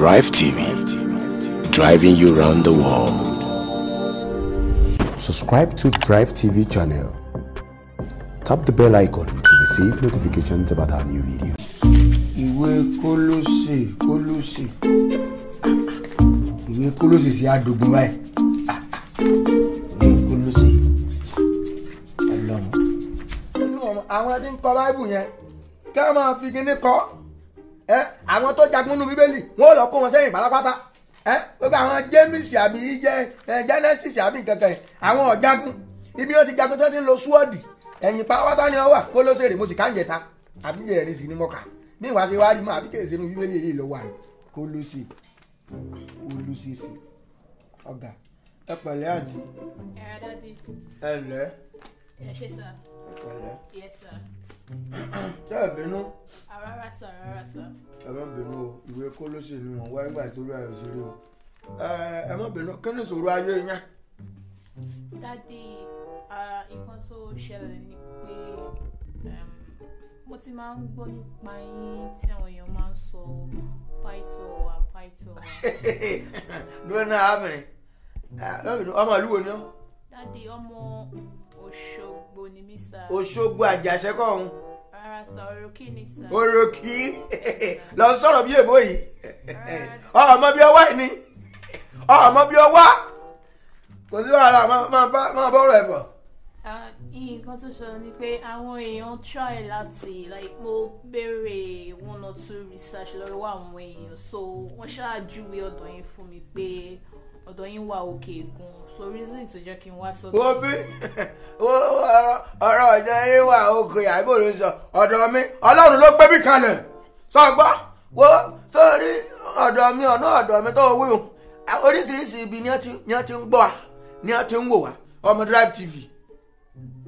Drive TV, driving you around the world. Subscribe to Drive TV channel. Tap the bell icon to receive notifications about our new videos. Ìwé Kólósè Kólósè Ìwé Kólósè sí àdógún báyìí. Ìwé Kólósè Ọlọ́run. Àwọn ẹni ń kọ Báíbù yẹn, kí ẹ àwọn tó jagun nínú bíbélì wọn ò lọ kó wọn sẹ́yìn pátápátá ẹ gbogbo àwọn james àbí jẹ ẹ genesis àbí kankan àwọn ọ̀jagun ibi wọn ti jagun tó ti ń lo sword ẹ̀yìn pátápátá ni wọ́n wà kó ló ṣèrè mo sì ká ń jẹta àbí jẹ ẹ̀rẹ́sì ni mo kà ní ìwà ṣe wáá rí mọ́ àbí kèsì inú bíbélì yìí ló wà ní kó ló ṣe kó ló ṣe ṣe ọ̀gá ẹ pẹ̀lẹ́ àti ẹ lẹ́ ẹ pẹ̀lẹ́ ṣé ẹ bínú. àràrà sọ̀rọ̀ ẹ má bínú o ìwé kó ló wọn wá nígbà tó lóyè òṣèré o ẹ má bínú kí ni ìṣòro ayé yẹn. dádì nǹkan tó ṣẹlẹ̀ ni pé mo ti máa ń gbọ́ nípa yín tí àwọn èèyàn máa ń sọ paito apaito. lónà àmì lọ́bìnrin ọmọ ìlú wo ni ọ́. dádì ọmọ Òṣogbo ni mí sá. Òṣogbo àjàṣẹ́kọ̀ọ́ orokí lọ sọ̀rọ̀ bí èbó yìí ọmọ bí ọwá ni ọmọ bí ọwá kò sí wàhálà máa bọ̀rọ̀ ẹ̀ bọ̀. nǹkan tó sọ ni pé àwọn èèyàn try láti like mo béèrè one or two research lọ́wọ́ àwọn èèyàn so wọ́n ṣáà júwe ọ̀dọ̀ yín fún mi pé ọ̀dọ̀ yín wà òkè gan lórí reason tó jẹ́ kí n wá sókè. wo bí ọ̀rọ̀ ọ̀dọ̀ yín wà òkè àìbò ló ń sọ ọ̀dọ̀ mi ọlọ́run ló gbé mi kalẹ̀ sọ gbọ́ wo sórí ọ̀dọ̀ mi ọ̀nà ọ̀dọ̀ mi tó wíwùn oríṣiríṣi ibi ni wọ́n ti ń gbọ́ wa ni wọ́n ti ń wò wá ọmọ drive tv.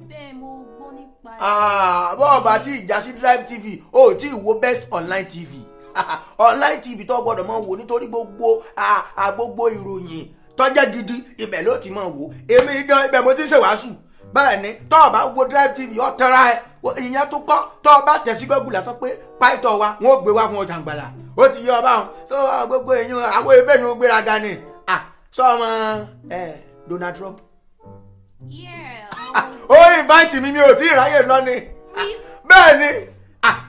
bẹ́ẹ̀ mo gbọ́ nípa ẹ̀. Ah, bọ́ọ̀ bá tí ìjà sí drive tv ó tí ì wo best online tv online tv tó gbọ́dọ̀ mọ̀ wò nítorí gbogbo ah, ah, gbogbo ìròyìn tọ́jẹ́ gidi ibẹ̀ ló ti máa wò èmi gan ibẹ̀ mo ti ń ṣèwàásù bẹ́ẹ̀ ni tọ́ wo drive tv ọ tẹ́ra ìyẹn tó kọ́ tọ́ tẹ̀sí gọ́gùlà sọ pé páìtọ́ wa wọn ò gbé wá fún ọjà àgbàlà ó ti yí ọba ọ̀hún so gbogbo èyí àwọn ebè yìí ń gbéraga ni sọ ọmọ Donald Trump. ó invite mi mi ò tí ì ráyè lọ ni bẹ́ẹ̀ ni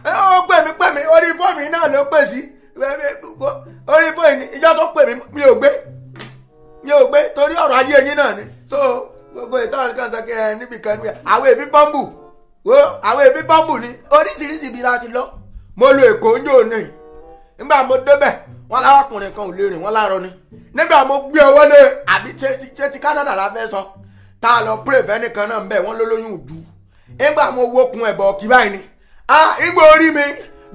ó pè mí pè mí orí fóònù náà ló pè orí fóònù ìjọ tó pè mí mi ò gbé yóò gbé torí ọ̀rọ̀ ayé yín náà ni so gbogbo ìtàn kan sọ kẹ níbi kan níbi àwọn èbí bọ́ǹbù wo àwọn èbí bọ́ǹbù ni oríṣiríṣi ibi láti lọ mo lo èkó ń yóò nìyí nígbà mo débẹ̀ wọn lárakùnrin kan ò lè rìn wọn lárọ ni nígbà mo gbé owó lé àbí ṣé ti Canada la fẹ́ sọ tá a lọ pray fẹ́ nìkan náà ń bẹ̀ wọ́n ló lóyún òdu nígbà mo wo kun ẹ̀bọ̀ kí báyìí ni ah igbó orí mi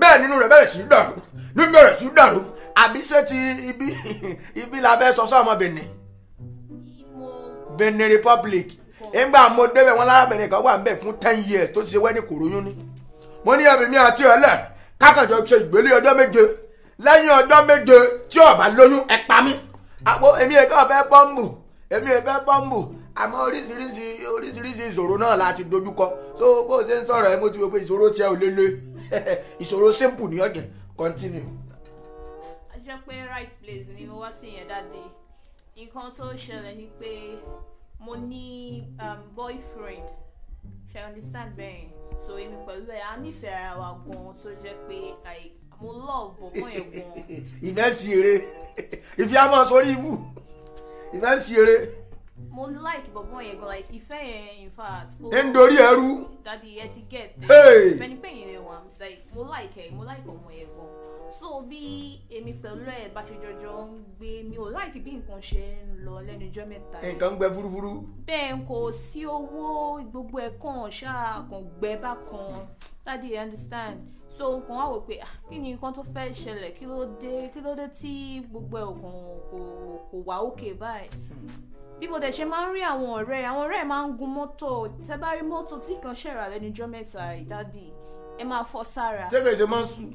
bẹ́ẹ̀ nínú rẹ̀ bẹ̀rẹ̀ sí dàrú nígbà rẹ̀ sí dàrú àbí ṣé ti ibi ibi la fẹ́ sọ sọ́ọ̀mọbìnrin Benin Republic nígbà mo débẹ̀ wọn lárábìnrin kan wà nbẹ̀ fún ten years tó ti ṣe wẹ́ẹ́nì kòróyún ni mo ní ẹ̀mí mi àti ọ̀lẹ́ kákànjọ ṣe ìgbélé ọjọ́ méje lẹ́yìn ọjọ́ méje tí ó lóyún ẹ pa mí àpò èmi ẹ̀ka ọ̀fẹ́ bọ́ǹbù èmi ẹ̀fẹ́ bọ́ǹbù àmọ́ oríṣiríṣi oríṣiríṣi ìṣòro náà la ti dojúkọ so bó ṣe ń sọ̀rọ̀ ẹ mo ti wò pé ìṣòro tiẹ̀ ò lélẹ̀ ìṣòro simple ní ọ̀jẹ̀ continue. a jẹ́ pé right place ni mo wá sí yẹn dáadé nǹkan tó ṣẹlẹ̀ ni pé mo ní um, boyfriend she understand bẹ́ẹ̀ so èmi pẹ̀lú ẹ̀ a nífẹ̀ẹ́ ara wa gan-an tó jẹ́ pé mo love bọ̀bọ̀ yẹn gan-an. ìfẹ́ sí eré ìfẹ́ a máa sọ orí ibù ìfẹ́ sí eré mo like bọ̀bọ̀ yẹn gan like ìfẹ́ yẹn in fact. ń dorí ẹrú. dadi ẹ ti get there. fẹni pé yẹn wà i'm like mo like ẹ mo like ọmọ yẹn gan so bí èmi pẹ̀lú ẹ bá ṣe jọjọ ń gbé mi ò like bí nǹkan ṣe ń lọ lẹ́nu ọjọ́ mẹ́ta. nǹkan ń gbẹ fúrúfúrú. bẹ́ẹ̀ n kò sí owó gbogbo ẹ̀ kàn ṣáà gbẹ bákan dadi you understand so nǹkan wá wò pé ah, kí ni nǹkan tó fẹ́ ṣẹlẹ̀ kí ló dé kí ló dé tí gbogbo ẹ̀ kò kò wà òkè báyìí bí mo dẹ̀ ṣe máa ń rí àwọn ọ̀rẹ́ àwọn ọ̀rẹ́ máa ń gun mọ́tò tẹ́ bá rí mọ́tò tí kan ṣẹ̀rà lẹ́nu ọjọ́ mẹ́ta ìdádì ẹ máa fọ́ sára. jẹ́gẹ̀ ṣe máa ń sùn.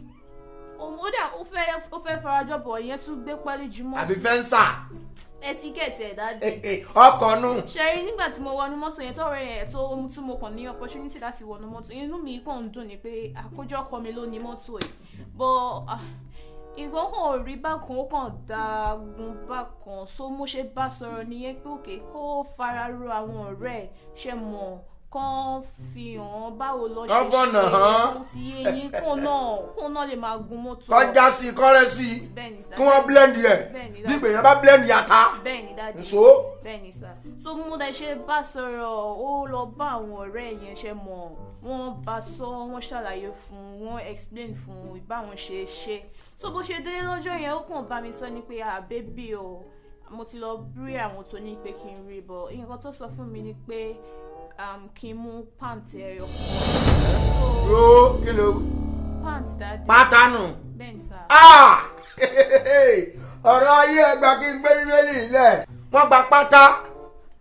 ó dà ó fẹ́ ó fẹ́ farajọ bọ̀ ìyẹn tún gbé pálí ju mọ́tò. àbí fẹ́ǹsà. ẹtíkẹ́ẹ̀tì ẹ̀ dádì. Eh, eh, ọkọ̀ nù. ṣẹ́rí nígbà tí mo wọnú mọ́tò yẹn tọ́rẹ́ yẹn tó ohun tí mo kàn ní opportunity láti wọnú mọ́tò inú mi kàn ń dùn ni pé àkójọpọ̀ mi ló ní mọ́tò yìí but ah, nǹkan kan ò rí bákan ó kàn dágun bákan so mo ṣe bá sọ̀rọ̀ nìyẹn pé òkè kó fara ro àwọn ọ̀rẹ́ ẹ̀ ṣe mọ̀ ọ́ kan fi hàn báwo lọ ṣe ṣe ti eyín kó náà kó náà lè máa gun mọ́tò. kọjá sí kọ́rẹ́ sí kí wọ́n blend yẹ bí gbèyàn bá blend yàtá nso. bẹ́ẹ̀ni sá so mo dẹ ṣe bá sọ̀rọ̀ ó lọ bá àwọn ọ̀rẹ́ yẹn ṣe mọ wọ́n bá sọ wọ́n ṣàlàyé fún wọ́n explain fún báwọn ṣe ṣe so bó ṣe délé lọ́jọ́ yẹn ó kàn bá mi sọ ni pé ah o mo ti lọ rí àwọn tó ní pé kí n rí bọ nǹkan tó sọ fún mi ni pé. Um, kí n mú pant ẹyọ. ro kí ló. pant dáadé. pátánù. bẹ́ẹ̀ ni sá. Ah! ọ̀rọ̀ ayé ẹgbà kí n gbé ìrẹ́lì ilẹ̀ wọ́n gba pátá.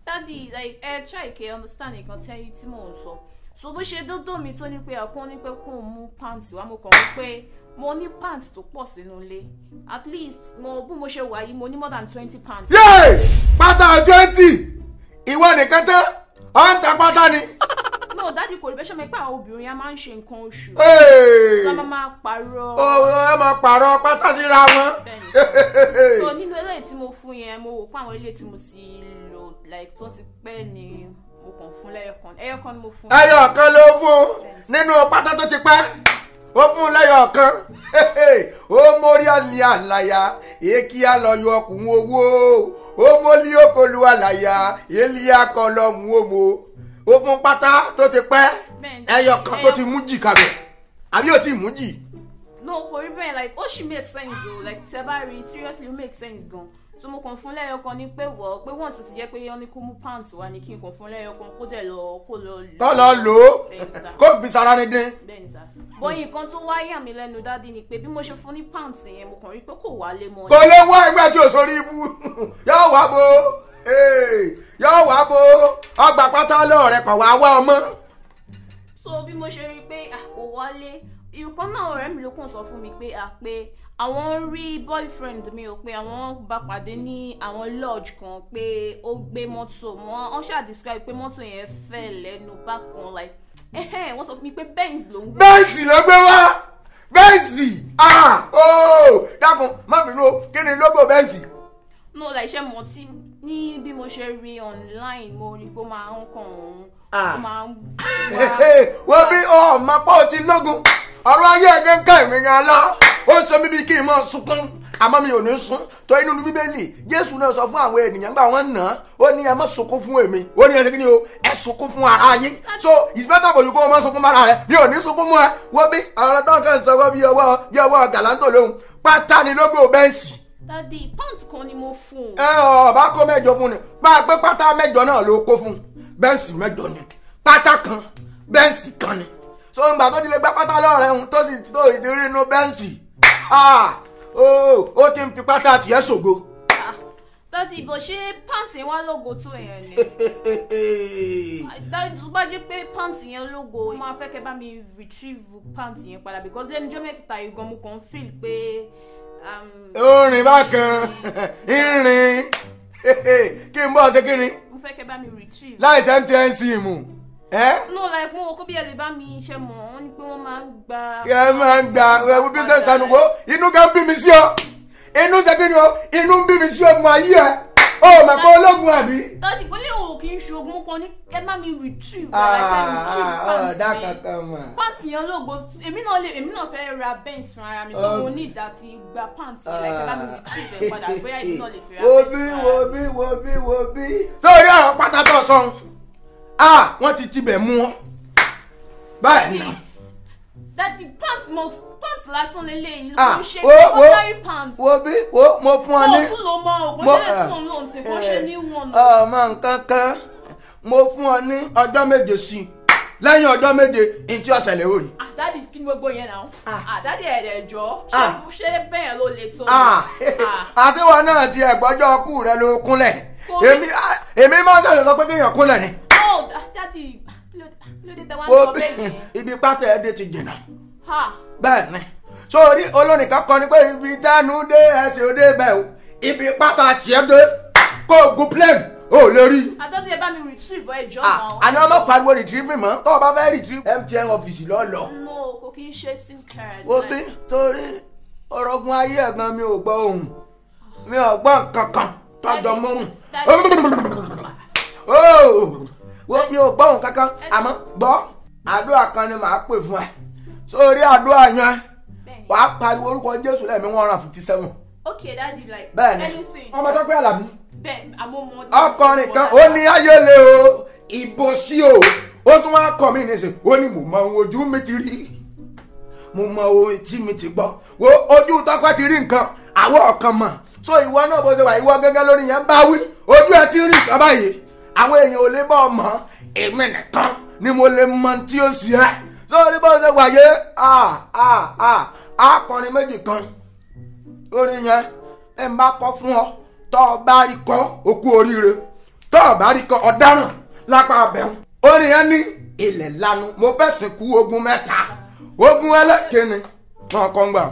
dadi like ẹ try ke understand nǹkan tẹ́yìn tí mò ń sọ so bó ṣe dódó mi tó ní pé ọkàn ní pé kó o mú pant wá mo kàn ń pé mo ní pant tó pọ̀ sínú ilé at least mo bí mo ṣe wà yìí mo ní more than twenty pants. yéè pátá twenty ìwọ nìkan tán ọ̀ ń ta pátá ni. no dáàdi kò rí bẹ́ẹ̀ ṣe mọ̀ pé àwọn obìnrin yẹn máa ń ṣe nǹkan oṣù. ẹ máa pààrọ̀. ẹ máa pààrọ̀ pátá síra wọn. bẹ́ẹ̀ni so nínú eléyìí tí mo fún yẹn mo wò pé àwọn eléyìí tí mo sì lò like tó ti pẹ́ ni mo kàn fún lẹ́yọ̀kan ni mo fún. ẹyọ̀kan ló fún nínú pátá tó ti pẹ́ ó fún lẹ́yọ̀ kan ó mórí àní àlàyà èkì àlọ́yọ̀ ọkùnrin owó ó mólí òkòlù àlàyà èlì akọlọ́mù òmò ó fún pátá tó ti pẹ́ ẹyọ kan tó ti mú jì kalẹ̀ àbí ó ti mú jì no kò rí bẹ́ẹ̀ like oh she make sense o like tẹ bá rí seriously ó make sense gan so mo kàn fún lẹ́yọ̀ kan ní pé wọ́ pé wọ́n sì ti jẹ́ pé yọ́n ní kó mú pants wá ní kí n kàn fún lẹ́yọ̀ kan kó dẹ̀ lọ kó lọ lò. kó lọ lò ó kó fi sara ni dín. bẹ́ẹ̀ni sá bọyì nǹkan tó wá yà mí lẹ́nu dádì ni pé bí mo ṣe fún ní pants yẹn mo kàn rí pé kò wá lé mọ́. kò lè wá ẹgbẹ́ tí o sórí ibu yóò wá bo yóò wá bo ọgbà pátá lọ́ọ̀rẹ́ kọ̀ wá wá ọmọ. so bí mo ṣe rí pé àkò wọlé ìkan náà ọ̀rẹ́ mi ló kàn sọ fún mi pé à pé àwọn ń rí boyfriend mi ò pé àwọn bá pàdé ní àwọn lodge kan pé ó gbé mọ́tò wọn wọ́n ṣáà describe pé mọ́tò yẹn fẹ́ lẹ́nu bákan like wọ́n sọ fún mi pé Benz ló ń gbé. Benz ló gbé wá Benz ah Oh. dákun má bínú o kí ni logo Benz. no like ṣe mọ tí ní bí mo ṣe rí online mo rí pé ó máa ń kàn ó máa ń wá. wọ́n bí ọmọ pọ́ọ̀tì lógun ọ̀rọ̀ ayé ẹ̀gẹ́ ká ìwé yẹn lá ó sọ mí bí kí n mọ̀ sunkún àmọ́ mi ò ní sún tó inú bíbélì jésù náà sọ fún àwọn ènìyàn nígbà wọn nà ó ní ẹ má sunkún fún èmi ó ní ẹ sẹ́kí ni o ẹ sunkún fún ara yín so it's better for you kó o má sunkún mọ́ra rẹ mi ò ní sunkún mọ́ ẹ wọ́n bí ọ̀rọ̀ tó ń kàn sọ́wọ́ bí ọwọ́ bí ọwọ́ gàlántò lóhùn pátá ni lógo bẹ́ǹsì. dadi pant kan ni mo fún. ẹ ọ bá kó mẹ́jọ fún ni bá a pé pátá mẹ́jọ náà ló kó fún bẹ́ǹsì ni so ńgbà tó ti lè gbá pátá lọ́rẹ̀ ń tó sì tó ìdírí inú bẹ́ǹsì ó ti ń fi pátá tiẹ̀ ṣògo. dadi bó ṣe pàǹtì wa lógo tó èèyàn ni dájú pé pàǹtì yẹn lógo ó máa fẹ́ kẹ́ bá mi retrieve pàǹtì yẹn padà because lẹ́nu jọ́ mẹ́ta ìgan mo kàn feel pé. Um, ó rìn bákan ń rìn kí n bọ́ ṣe kí ni. mo retrieve. láì ṣe ń tẹ́ ń sìn mù. Eh? no like mo kó bí ẹ lè bá mi ṣe mọ̀ wọ́n ní pé wọ́n máa ń gba. ẹ máa ń gba ẹwù bí ṣe ṣànùkó inú kan bí mi sí ọ inú ṣẹbi ni o inú bí mi sí ọmọ ayé ẹ ó mà kó ológun àbí. dọ́dì kò lè wò kí n ṣoògùn kan ní ẹ má mi retrieve ara ah, ẹ ah, pants mi pants yẹn lóògbó èmi náà lè èmi náà fẹ́ ra benz fún ara mi tó mo ní ìdá ti gba pants yẹn láì fẹ́ bá mi retrieve ẹ̀ padà bóyá èmi náà lè fẹ́ ra benz fún ara mi. wo bí wo bí wo bí wo bí sórí ọ̀rọ̀ pátá sọ̀n ah wọ́n ti tibẹ̀ mú wọn báyìí nà. dadi pant mo pant lásán lélẹ́yìn ló ah, ń ṣe ordinary pant. wo bí wo mo fún ọ ní. mo tún lọ mọ òkú ṣẹlẹ̀ tó ń lò ń sìn kó ṣe ní ah, eh, wọn. Ah, ọmọ nǹkan kan mo fún ọ ní ọjọ́ méje sí i lẹ́yìn ọjọ́ méje ntí ọ̀sẹ̀ lè orí. àdáàdì kí ni gbogbo yẹn náà àdáàdì ẹ̀rẹ̀ jọ ṣé bẹ́ẹ̀ ló lè tó. àṣìwọ̀n náà ti ẹ̀gbọ́jọ́ ọkù rẹ ló kúnlẹ̀ èmi máa ń sọ̀rọ̀ sọ pé kéèyàn kúnlẹ̀ ni ò dádì kílódé tẹ wá ní ọbẹ̀ yẹn. ibi pátá ẹ̀ dé ti jìnnà. bẹ́ẹ̀ ni sórí olórin kan kọrin pé ibi dánú dé ẹsẹ̀ òde bẹ́ẹ̀ o ibi pátá tiẹ̀ dé kó o gun plane o lè rí. àtọ́tí ẹ bá mi retrieve ọ ẹjọ́ náà. àná ọmọ pariwo retrieve mọ́ tó o bá fẹ́ retrieve MTN ọ́fíìsì lọ́lọ́. mo kò kí n ṣe sim card. obi torí orogún ayé ẹ̀gbọ́n mi ò gbọ́ ohùn mi ò gbọ́ nǹkan kan tọ́jọ́ mọ́hùn wọ́n mi ò gbọ́ kankan àmọ́ gbọ́ àdúrà kan ni màá pè fún ẹ sórí àdúrà yẹn wàá pariwo orúkọ Jésù lẹ́ẹ̀mí one hundred fifty seven. okay that be like bẹ́ẹ̀ni ọmọ tó pé àlàbí. bẹ́ẹ̀ àmọ́ mo. ọkùnrin kan ó ní ayélé o ìbò sí o ó tún wá kọ mí níṣẹ́ ó ní mo mọ ojú mi ti rí mo mọ ohun mi ti gbọ́ wo ojú tọpẹ ti rí nǹkan àwọ ọkàn mọ so ìwọ náà bó ṣe wà ìwọ gẹ́gẹ́ lórí yẹn bá wí ojú ẹ ti rí nǹkan báyìí àwọn èèyàn ò lè bọ́ ọmọ èmi nìkan ni mo lè mọ tí ó sì ẹ́ sórí bó ṣe wáyé akọrin méjì kan orin yẹn ẹ ń bá kọ fún ọ tọ́ ọ bá rí kọ́ okú oríire tọ́ ọ bá rí kọ́ ọ̀daràn lápá abẹ́hùn orin yẹn ní ilẹ̀ lanu mo fẹ́ sìnkú ogun mẹ́ta ogun ẹlẹ́kẹ̀ni náà kọ́ ń gbà.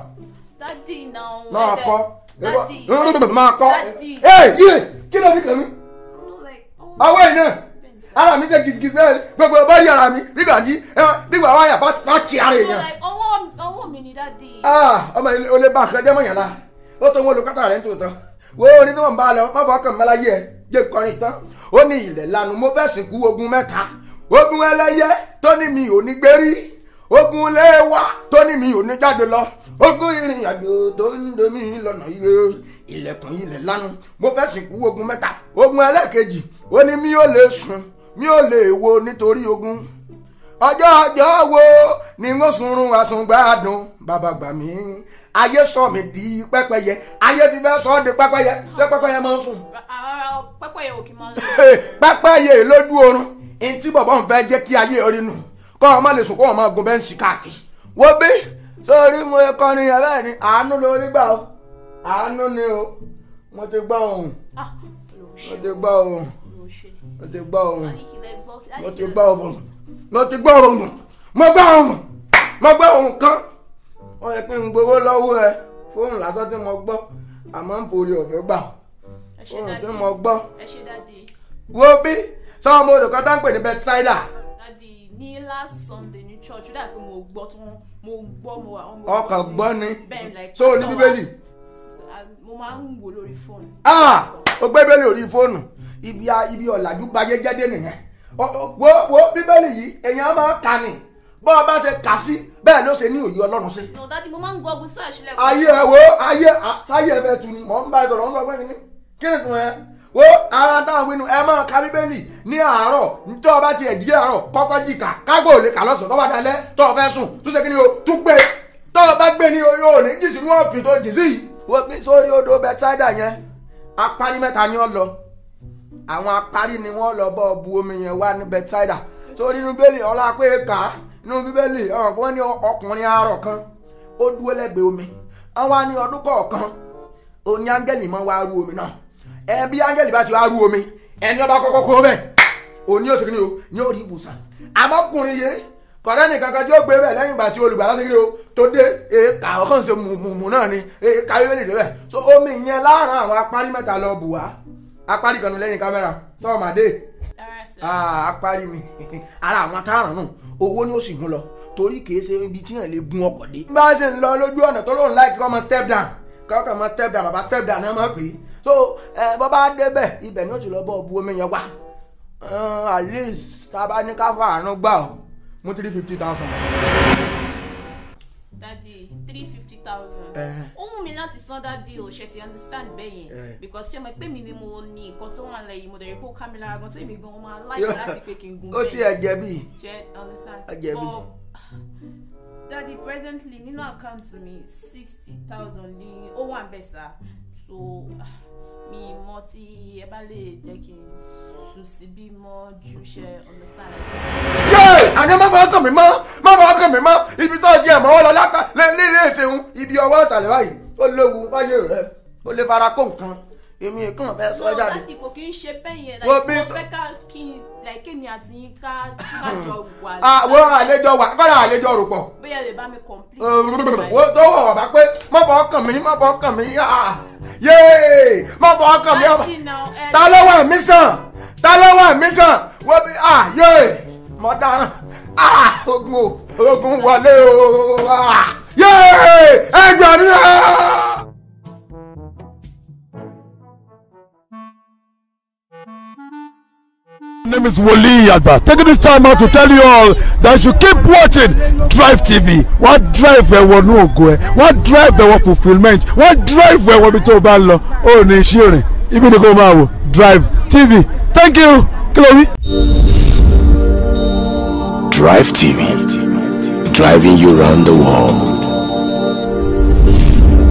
dádì náà wọ́n dẹ́ dádì náà kọ́. ẹ yíyẹ kí ló fi kàn mí ọwọ́ iná ara mi ṣe gidigidi bẹ́ẹ̀ gbogbo bọ́ọ̀lì ara mi bíbà yí bíbà wáyà bá kí ara èèyàn. ọwọ́ mi ni dáadé. Ah, ọmọ ilé olè bá nǹkan jẹ́ mọ̀yàn la ó tó wọn olùkọ́tà rẹ̀ ń tòótọ́ wo orin tí wọ́n bá lọ má fọkàn mẹ́láyé ẹ̀ jẹ́ kọrin tán ó ní ilẹ̀ lanu mo fẹ́ sìnkú ogun mẹ́ta ogun ẹlẹ́yẹ tó ní mi ò ní gbérí ogun lẹ́wà tó ní mi ò ní jáde lọ ogun ìrìn àjò tó ń domi lọ́nà yìí ilẹ̀kùn yìí lè lánú mo fẹ́ sìnkú ogun mẹ́ta ogun ẹlẹ́ẹ̀kejì ó ní mi ò lè sùn mi ò lè wo nítorí ogun ọjọ́ ọjọ́ wo ni n ó sunrun àsùngbàdùn bàbá gbà mí ayé sọ mi di pẹ́pẹ́yẹ ayé ti fẹ́ sọ di pẹ́pẹ́yẹ ṣé pẹ́pẹ́yẹ máa ń sùn. pẹ́pẹ́yẹ ò kì í máa ń lọ. pẹ́pẹ́yẹ lójú oorun ntí bọ̀bọ̀ ń fẹ́ jẹ́ kí ayé orí nù kọ́ ọ má lè sùn kó ọ má gun bẹ́ńsì káàkiri wo bí sórí mo kọrin ẹ bẹ́ẹ̀ ni àánú lórí gbà ó àánú ni o mo ti gbọ́ ohùn ah, mo ti gbọ́ ohùn mo ti gbọ́ ohùn mo ti gbọ́ ohùn mo ti gbọ́ ohùn mo gbọ́ ohùn mo gbọ́ ohùn kan ó yẹ kí n gbowó lọ́wọ́ ẹ fóònù lásán tí mo gbọ́ àmọ́ ń forí ọ̀fẹ́ gbà fóònù tí mo gbọ́ wo bí sọ́wọ́n mo rò kọ́ tá ń pè ní bethsaida. ní last sunday ní church ó dà pé mo gbọ́ tó mo gbọ́ mo wà. ọkàn gbọ́ ni so ní bíbélì mo máa ń wò lórí fóònù. Ah! o gbé bẹ́ẹ̀ lórí fóònù ibi ibi ọ̀làjú gbayé jẹ́dé nìyẹn wo wo bíbélì yìí èèyàn máa kà ní bọ́ ọ bá ṣe kà sí bẹ́ẹ̀ ló ṣe ní òye ọlọ́run sí. no dadi mo máa ń google search lẹ́kọ̀ọ́. ayé ẹ wo ayé sáyé ẹ fẹ́ tu ni mò ń bá ẹ sọ̀rọ̀ ń sọ pé kí ni kí ni ẹ wo ara táwọn pinnu ẹ máa ka bíbélì ní àárọ̀ nítorí ọba ti ẹ̀jíjẹ́ àárọ̀ kọ́kọ́ jìkà kágbó òlè kà lọ́sọ̀ tọ́ba dalẹ̀ tọ́ ọ fẹ́ sùn tún ṣe kí ni o tún gbé tọ́ ọ bá gbé ni o yóò ní jì sínú ọ̀fìn tó jì sí yìí sórí odò bẹ́tẹ́dà yẹn apárí mẹ́ta ni wọ́n lọ àwọn apárí ni wọ́n lọ bọ́ bu omi yẹn wá ní bẹ́tẹ́dà sórí inú bíbélì ọlá pé kà inú bíbélì ọ̀hún wọ́n ní ọkùnrin arọ̀ kan ó dúró lẹ́gbẹ̀ẹ́ omi wọ́n ní ọdún kọ̀ọ̀kan oní áńgẹ́lì omi náà áńgẹ́lì bá ti wá omi ẹni ọba kọ́kọ́ bẹ́ẹ̀ kọ̀dá nìkan kan tí ó gbé bẹ́ẹ̀ lẹ́yìn ìgbà tí olùgbàlà ṣe kí o tó dé e, àwọn kan ṣe mùmù náà ni e, káyọ̀ lè débẹ̀ so omi yẹn láàrin àwọn apárí mẹ́ta lọ bù wá apárí kan lẹ́yìn kámẹ́rà sọ́ọ̀màdé ah, apárí mi ara àwọn táàràn náà owó ni ó sì mú lọ torí kìí ṣe ibi tí yàn lè gun ọkọ̀ dé. bá a ṣe ń lọ lójú ọ̀nà tó lóun láìkí kọ́ mọ step down kọ́kọ́ mọ step down bàbá step down náà mọ̀ pé so bọ́ bá débẹ̀ ibẹ̀ ni ó ti lọ bọ́ bu omi yẹn wá at least tá a bá ní ká fọ àánú gbà ọ́ mú three fifty thousand. dadi three fifty thousand. ó mú mi láti san dadi o ṣe ti understand bẹ́ẹ̀ yẹn eh. because ṣé mo pé mi ni mo ní nǹkan tó wà lẹ́yìn mo dẹ̀rẹ̀ pé ó ká mi lára gan tó èmi gan ọmọ aláìsí láti pé kí n gun bẹ́ẹ̀. ó ti ẹ̀jẹ̀ bí. ṣe understand. ẹ̀jẹ̀ bí. dadi presently nínú àkáǹtì mi sixty thousand ni. ó wà bẹ́ẹ̀ sá so. Uh, mi mọ tí ẹ bá lè jẹ́ kí n sùn síbí mọ́ ju ṣe understand. yéè àná má fọwọ́ kàn mí mọ́ má fọwọ́ kàn mí mọ́ ibi tó ti ẹ̀ mọ́wọ́ lọ látà lé lé ibi ọwọ́ ọ̀tàlẹ́ báyìí ó léwu fáyé rẹ ó lè fara kó nǹkan èmi kàn fẹ́ sọ jáde. láti kò kí n ṣe bẹ́yẹn láti mo fẹ́ ká kí n láìké mi àti yín ká hmm. jọ wà. àwọn ah, àlejò wà kọ́ra àlejò rò pọ̀. bóyá lè bá mi complete. Eh, wọ́n tó wọ̀ wọ̀ bá pé mọ̀ bọ̀ ọkàn mi mọ̀ bọ̀ ọkàn mi ah, yéé mọ̀ bọ̀ ọkàn mi ọmọ eh, ta ló wà mí sàn ta ló wà mí sàn wọ́n bí ah, yéé mọ̀ dáràn ogun ogun wọlé o yéé ẹgbẹ̀rún yẹn. name is Wole Yagba. Taking this time out to tell you all that you keep watching Drive TV. What drive ẹ̀wọ̀ ní ògo go? What drive ẹ̀wọ̀ fulfilment, What drive ẹ̀wọ̀ bí tó o bá lọ, ó ní iṣẹ́ rìn, ibi ni kò máa wò Drive TV. Thank you, Chloe. Drive TV, driving you round the world.